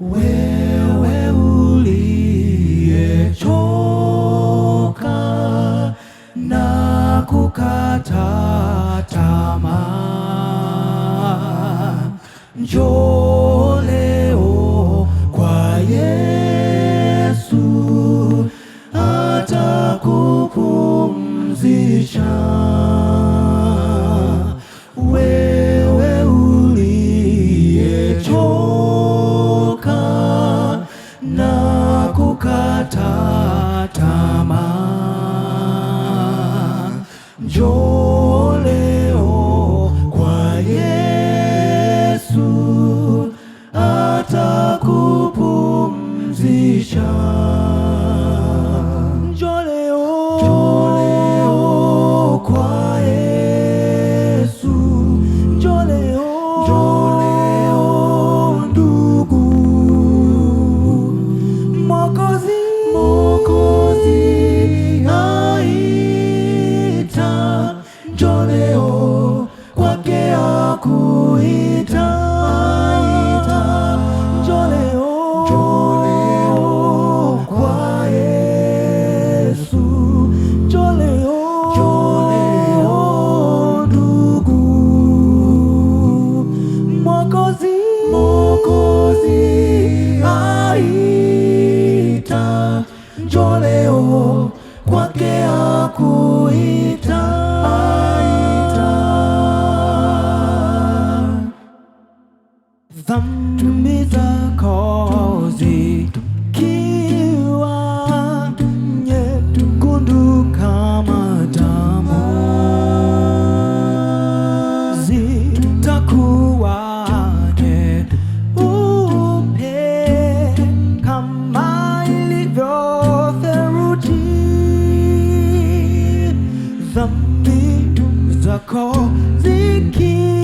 Wewe uliyechoka na kukata tamaa, njoo yo nitakuita, njoo kwa Yesu, njoo ndugu, Mwokozi aita, njoo leo kwake akuita machozi kiwa nyekundu kama damu, zitakuwa nyeupe kama ilivyo theluji, dhambi zako ziki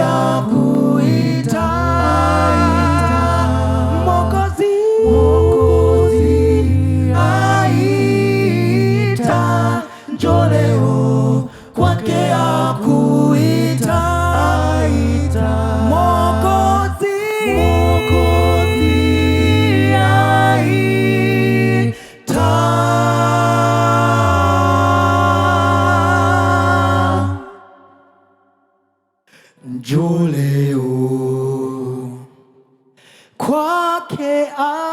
Yahweh. Njoo leo kwake